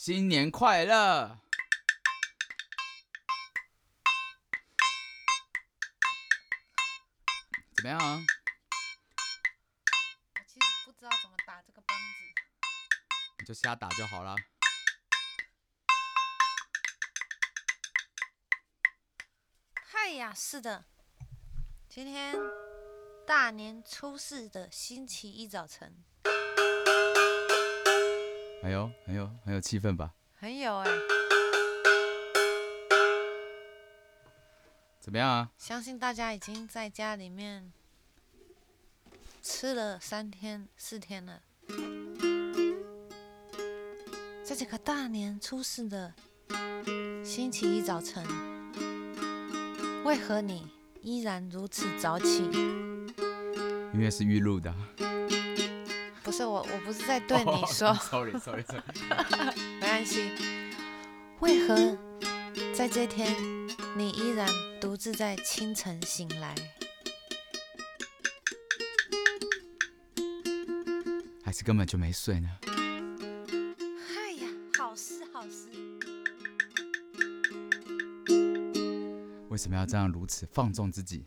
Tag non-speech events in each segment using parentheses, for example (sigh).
新年快樂！怎麼樣啊？我其實不知道怎麼打這個棒子，你就瞎打就好了。嗨、哎、呀，是的，今天大年初四的星期一早晨。哎呦，很有很有氣氛吧？很有哎、欸，怎麼樣啊？相信大家已經在家裡面吃了三天四天了，在這個大年初四的星期一早晨，為何你依然如此早起？因為是預錄的。這我，我不是在對你說。Sorry，Sorry，Sorry，、oh, sorry, sorry, no. 沒關係。為何在這天，你依然獨自在清晨醒來？還是根本就沒睡呢？嗨、哎、呀，好事好事。為什麼要這樣如此放縱自己？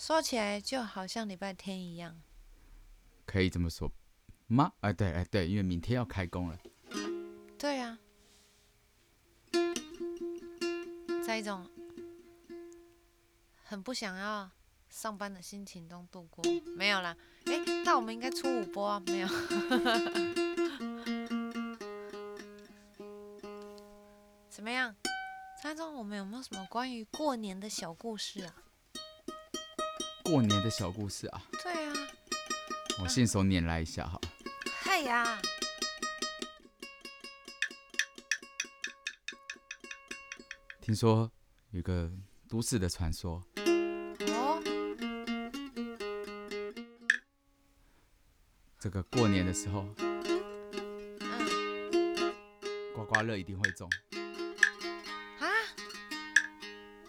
說起來就好像禮拜天一樣，可以這麼說嗎？哎、啊，對，哎、啊、對，因為明天要開工了。對呀、啊，在一種很不想要上班的心情中度過，沒有啦。哎，那我們應該出五波啊？沒有？ (laughs) 怎麼樣？張總，我們有沒有什麼關於過年的小故事啊？過年的小故事啊！對啊，啊我信手拈來一下哈。哎呀，聽說有個都市的傳說。哦。這個過年的時候，刮、啊、刮樂一定會中。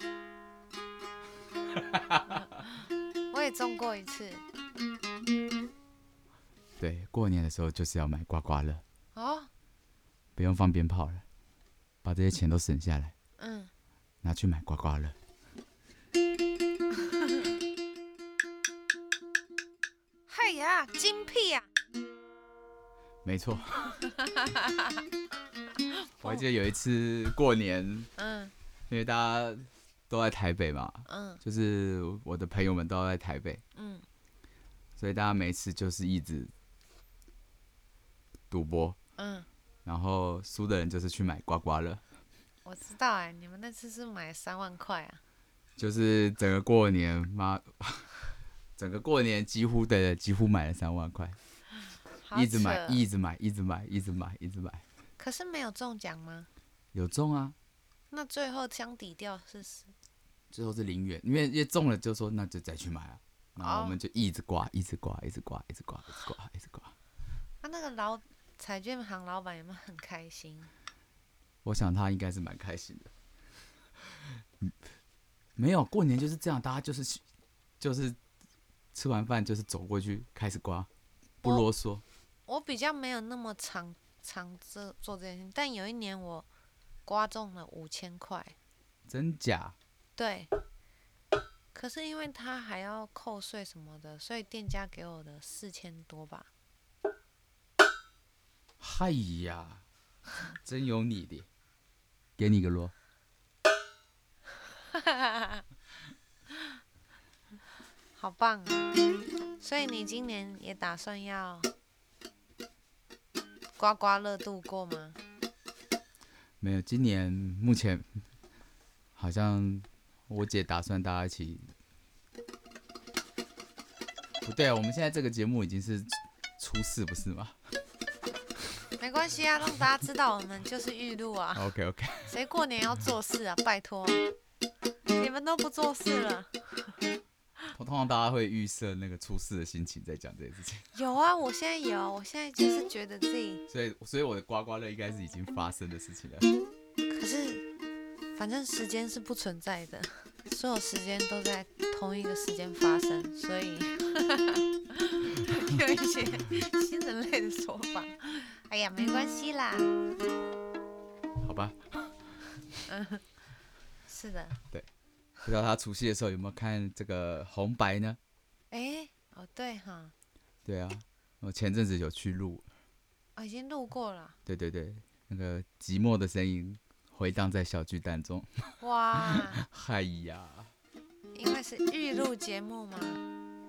啊？哈哈哈。中過一次，對，過年的時候就是要買刮刮樂哦，不用放鞭炮了，把這些錢都省下來，嗯，拿去買刮刮樂。嗯、 (laughs) 嘿呀，精闢呀！沒錯， (laughs) 我還記得有一次過年，嗯，因為大家。都在台北嘛，嗯，就是我的朋友們都在台北，嗯，所以大家每次就是一直賭博，嗯，然後輸的人就是去買刮刮樂。我知道哎，你們那次是買了三萬塊啊？就是整個過年嘛，整個過年幾乎對，對，對，幾乎買了三萬塊，一直買一直買一直買一直買一直買。可是沒有中獎嗎？有中啊。那最後將底掉試試。最後是零元，因為越中了，就說那就再去買啊。然後我們就一直刮，oh, 一直刮，一直刮，一直刮，一直刮，一直刮，一直刮。他那個老彩券行老板有沒有很開心？我想他應該是蠻開心的。 (laughs) 沒有，過年就是這樣，大家就是就是吃完飯就是走過去開始刮，不囉嗦。Oh, 我比較沒有那麼常常這做這件事情，但有一年我刮中了五千塊，真假？對，可是因為他還要扣稅什麼的，所以店家給我的四千多吧。嗨呀，真有你的， (laughs) 給你個羅， (laughs) 好棒啊！所以你今年也打算要刮刮樂度過嗎？沒有，今年目前好像。我姐打算大家一起，不對啊，我們現在這個節目已經是初四不是嗎？沒關係啊，讓大家知道我們就是預錄啊。 (laughs) OK OK。誰過年要做事啊？拜託， (laughs) 你們都不做事了。 (laughs) 通常大家會預設那個初四的心情在講這些事情。有啊，我現在有，我現在就是覺得自己，所以所以我的刮刮樂應該是已經發生的事情了。可是。反正時間是不存在的，所有時間都在同一個時間發生，所以 (laughs) 有一些新人類的說法。哎呀，沒關係啦。好吧。嗯，是的。對。不知道他除夕的時候有沒有看這個紅白呢？哎、欸，哦對哈。對啊，我前陣子有去錄。啊、哦，已經錄過了。對對對，那個寂寞的聲音。迴盪在小巨蛋中， (laughs) 哇！嗨、 (laughs) 哎、呀，因為是預錄節目嗎？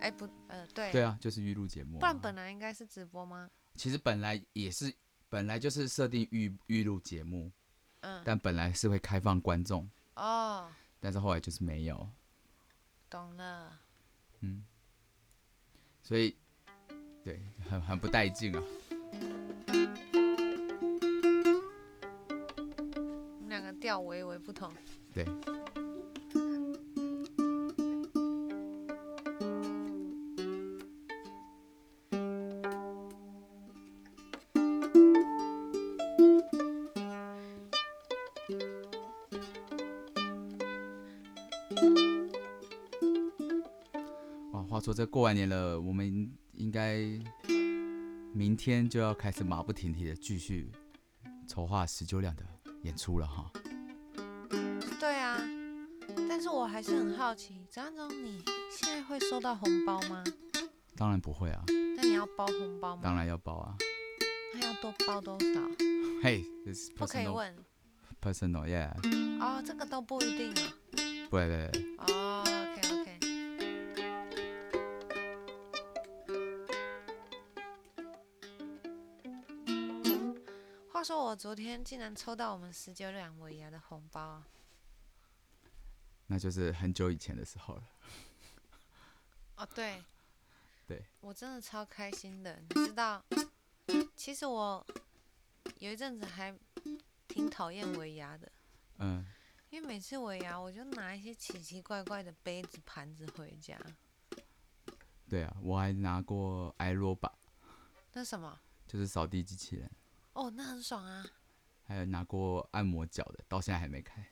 哎、欸，不，呃，對，對啊，就是預錄節目。不然本來應該是直播嗎？其實本來也是，本來就是設定預預錄節目，嗯，但本來是會開放觀眾哦，但是後來就是沒有，懂了，嗯，所以，對，很很不帶勁啊。嗯調我也，不同。對。哇，話說這過完年了，我們應該明天就要開始馬不停蹄的繼續籌劃十九兩的演出了哈。但是我還是很好奇，張總，你現在會收到紅包嗎？當然不會啊。那你要包紅包嗎？當然要包啊。那要多包多少？嘿、hey,，不可以問。Personal，yeah。哦，這個都不一定啊、哦。 (noise) 不對不不。哦、oh,，OK OK。話說我昨天竟然抽到我們十九兩尾牙的紅包，啊。那就是很久以前的時候了。哦，對，對我真的超開心的，你知道，其實我有一陣子還挺討厭圍牙的，嗯，因為每次圍牙我就拿一些奇奇怪怪的杯子盤子回家。對啊，我還拿過艾羅 o 那什麼？就是掃地機器人。哦，那很爽啊。還有拿過按摩腳的，到現在還沒開。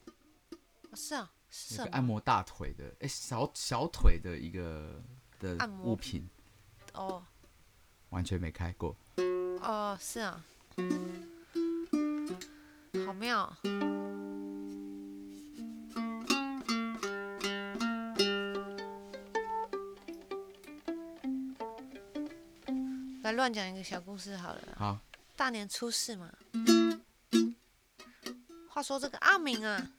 哦、是啊。是個按摩大腿的，哎、欸，小小腿的一個的物品按摩，哦，完全沒開過。哦，是啊，好妙哦。來亂講一個小故事好了。好。大年初四嘛。話說這個阿明啊。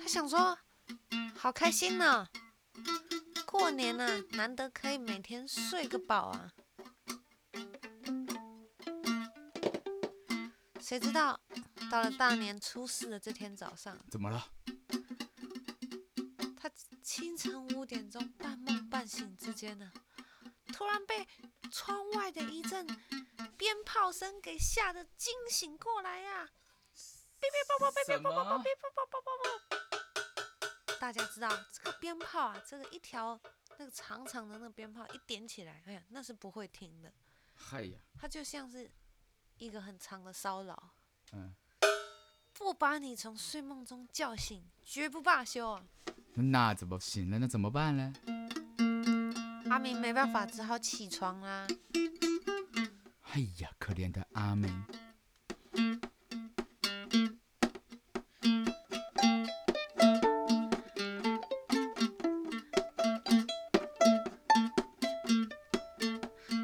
他想說，好開心呢、哦，過年呢、啊，難得可以每天睡個飽啊。誰知道，到了大年初四的這天早上，怎麼了？他清晨五點鐘，半夢半醒之間呢，突然被。窗外的一陣鞭炮聲給嚇得驚醒過來呀、啊！大家知道這個鞭炮啊，這個一條那個長長的那個鞭炮一點起來，哎呀，那是不會停的、哎。它就像是一個很長的騷擾。嗯。不把你從睡夢中叫醒，絕不罷休、啊。那怎麼醒了？那怎麼辦呢？阿明沒辦法，只好起床啦、啊。哎呀，可憐的阿明！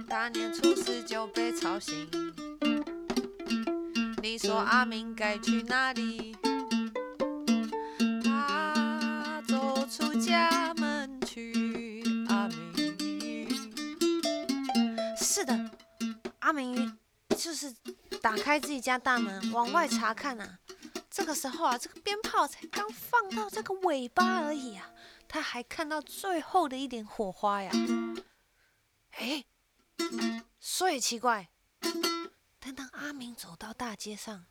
大年初四就被吵醒。你說阿明該去哪裡？打開自己家大門，往外查看啊，這個時候啊，這個鞭炮才剛放到這個尾巴而已啊，他還看到最後的一點火花呀。哎、欸，說也奇怪。但當阿明走到大街上，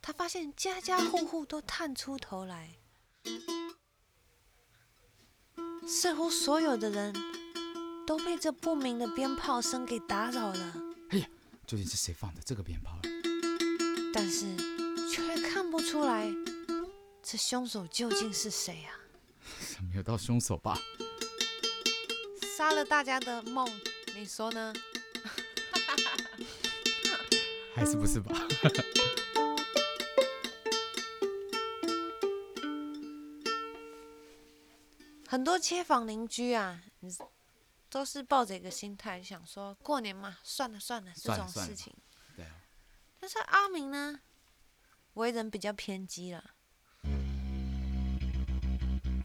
他發現家家戶戶都探出頭來，似乎所有的人都被這不明的鞭炮聲給打擾了。究竟是誰放的這個鞭炮？但是卻看不出來，這凶手究竟是誰啊？ (laughs) 沒有到凶手吧？殺了大家的夢，你說呢？ (laughs) (laughs) 還是不是吧？ (laughs) (laughs) 很多街坊鄰居啊，你都是抱着一個心態，想說過年嘛，算了算了，這種事情。算了算了，對。但是阿明呢，為人比較偏激了，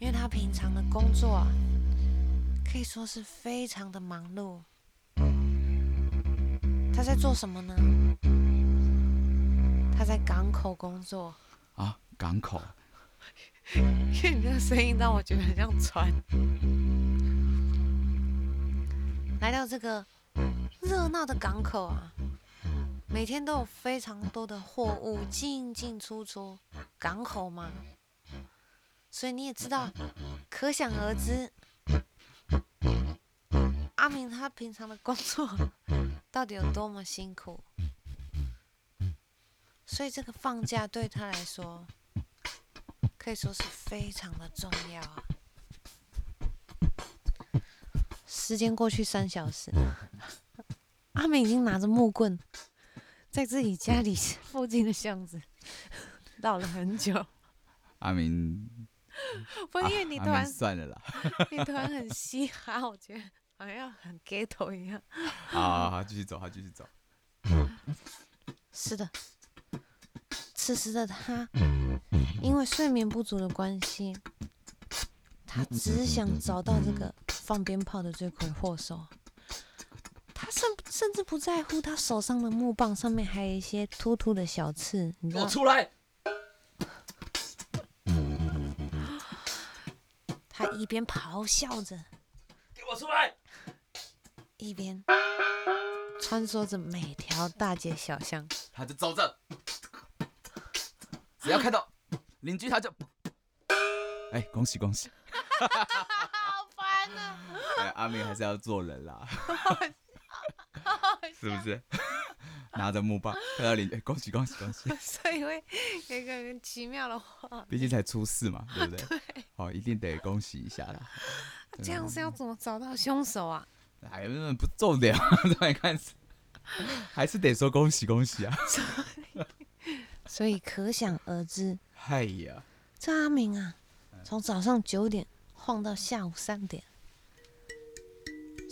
因為他平常的工作啊，可以說是非常的忙碌。他在做什麼呢？他在港口工作。啊，港口。 (laughs) 因為你這個聲音讓我覺得很像船。來到這個熱鬧的港口啊，每天都有非常多的貨物進進出出港口嘛，所以你也知道，可想而知，阿明他平常的工作到底有多麼辛苦，所以這個放假對他來說，可以說是非常的重要啊。時間過去三小時， (laughs) 阿明已經拿着木棍，在自己家裡 (laughs) 附近的巷子繞了很久。阿 (laughs) 明 I mean,，不因為你突然算 I mean, 了啦， (laughs) 你突然很嘻哈，我覺得好像很 ghetto 一樣。 (laughs) 好，好好好，繼續走，好繼續走。 (laughs) 是的，此時的他因為睡眠不足的關係，他只想找到這個。 (laughs) 嗯放鞭炮的罪魁禍首，他甚甚至不在乎他手上的木棒，上面還有一些突突的小刺，你給我出來！他一邊咆哮着，給我出來！一邊穿梭着每條大街小巷。他就在招展，只要看到鄰、啊、居，他就哎，恭喜恭喜！ (laughs) (laughs) 阿明還是要做人啦 (laughs) 是不是？ (laughs) 拿着木棒，看到你，欸、恭喜恭喜恭喜！所以會有一個奇妙的話，畢竟才初四嘛，對不對？哦、喔，一定得恭喜一下啦。 (laughs) 這樣是要怎麼找到凶手啊？哎，不重要、啊，再來看，還是得說恭喜恭喜啊所！所以可想而知，哎呀，這阿明啊，從、嗯、早上九點晃到下午三點。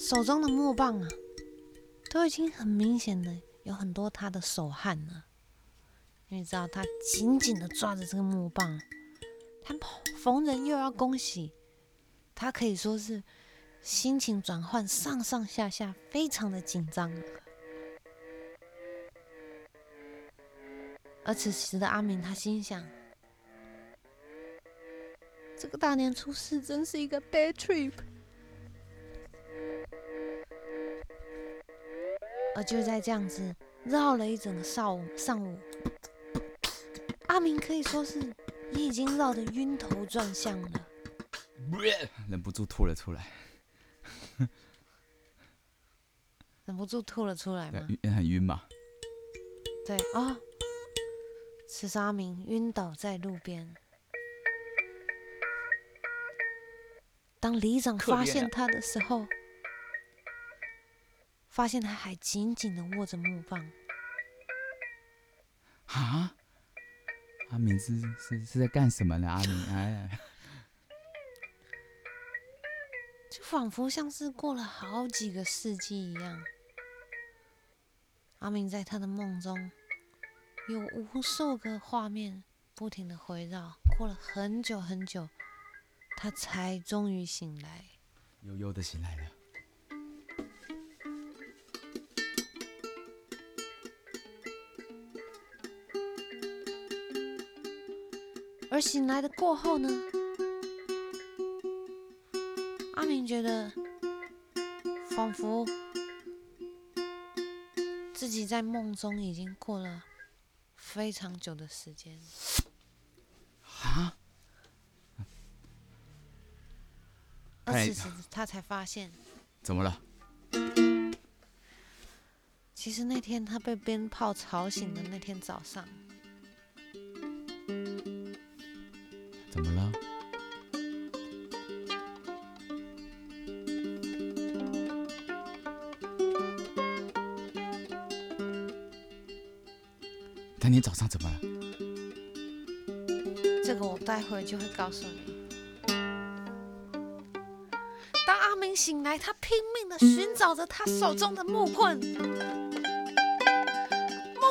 手中的木棒啊，都已經很明顯的有很多他的手汗了，你知道他緊緊的抓着這個木棒，他逢人又要恭喜，他可以說是心情轉換上上下下非常的緊張。而此時的阿明，他心想：這個大年初四真是一個 bad trip。而就在這樣子繞了一整個上午，上午，阿明可以說是也已經繞得暈頭轉向了、呃，忍不住吐了出來， (laughs) 忍不住吐了出來也很暈吧？對啊、哦，此時阿明暈倒在路邊，當里長發現他的時候。發現他還緊緊的握着木棒，啊！阿明是是是在幹什麼呢？阿明，哎，就仿佛像是過了好幾個世紀一樣。阿明在他的夢中有無數個畫面不停的回繞，過了很久很久，他才終於醒來，悠悠的醒來了。而醒來的過後呢，阿明覺得仿佛自己在夢中已經過了非常久的時間。啊？而此時他才發現，怎麼了？其實那天他被鞭炮吵醒的那天早上。怎麼了？當你早上怎麼了？這個我待會就會告訴你。當阿明醒來，他拼命的尋找着他手中的木棍。木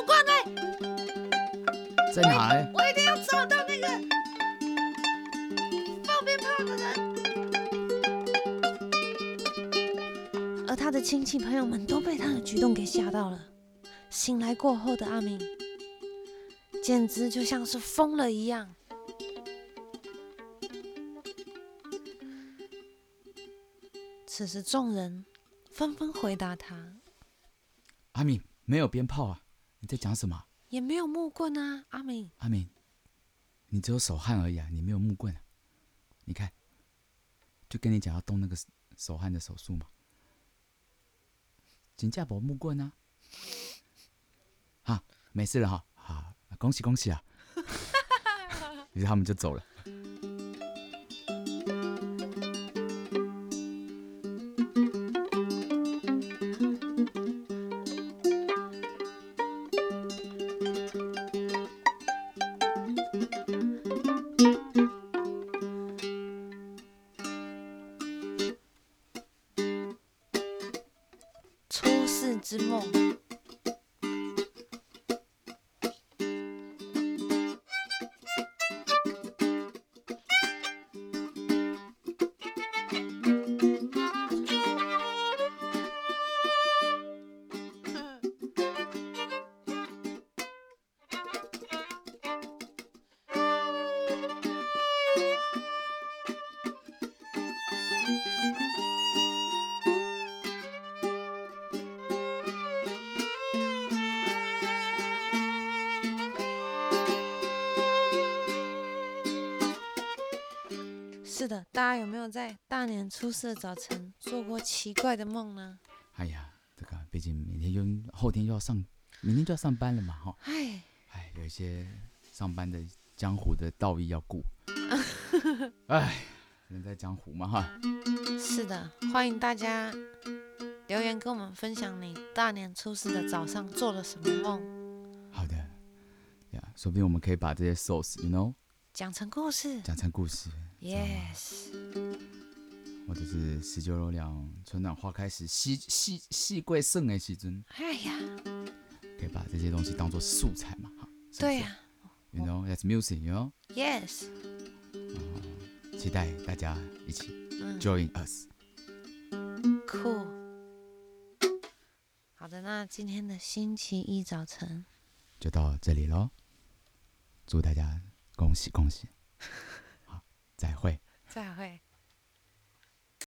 棍呢？在哪？我一定要找到那個。而他的親戚朋友們都被他的舉動給嚇到了。醒來過後的阿敏，簡直就像是瘋了一樣。此時眾人紛紛回答他啊：“阿敏，沒有鞭炮啊，你在講什麼？”“也沒有木棍啊，阿敏。”“阿敏，你只有手汗而已啊，你沒有木棍啊，你看。”就跟你講要動那個手，手汗的手術嘛，請假抱木棍啊，好、啊，沒事了哈，好、啊，恭喜恭喜啊，於 (laughs) 是 (laughs) 他們就走了。之夢。是的，大家有沒有在大年初四的早晨做過奇怪的夢呢？哎呀，這個畢竟明天又後天又要上，明天就要上班了嘛，哈、哦。哎，哎，有一些上班的江湖的道義要顧。 (laughs) 哎，人在江湖嘛，哈。是的，歡迎大家留言跟我們分享你大年初四的早上做了什麼夢。好的，yeah, 說不定我們可以把這些 source，you know。講成故事，講成故事，Yes。或者是“十九樓兩春暖花開時，西西西桂盛哎細珍”。哎呀，可以把這些東西當做素材嘛？好、啊，對呀。You know, that's music, you know? Yes.、哦、期待大家一起 join、嗯、us. Cool. 好的，那今天的星期一早晨就到這裡嘍。祝大家。恭喜恭喜！恭喜 (laughs) 好，再會，再會。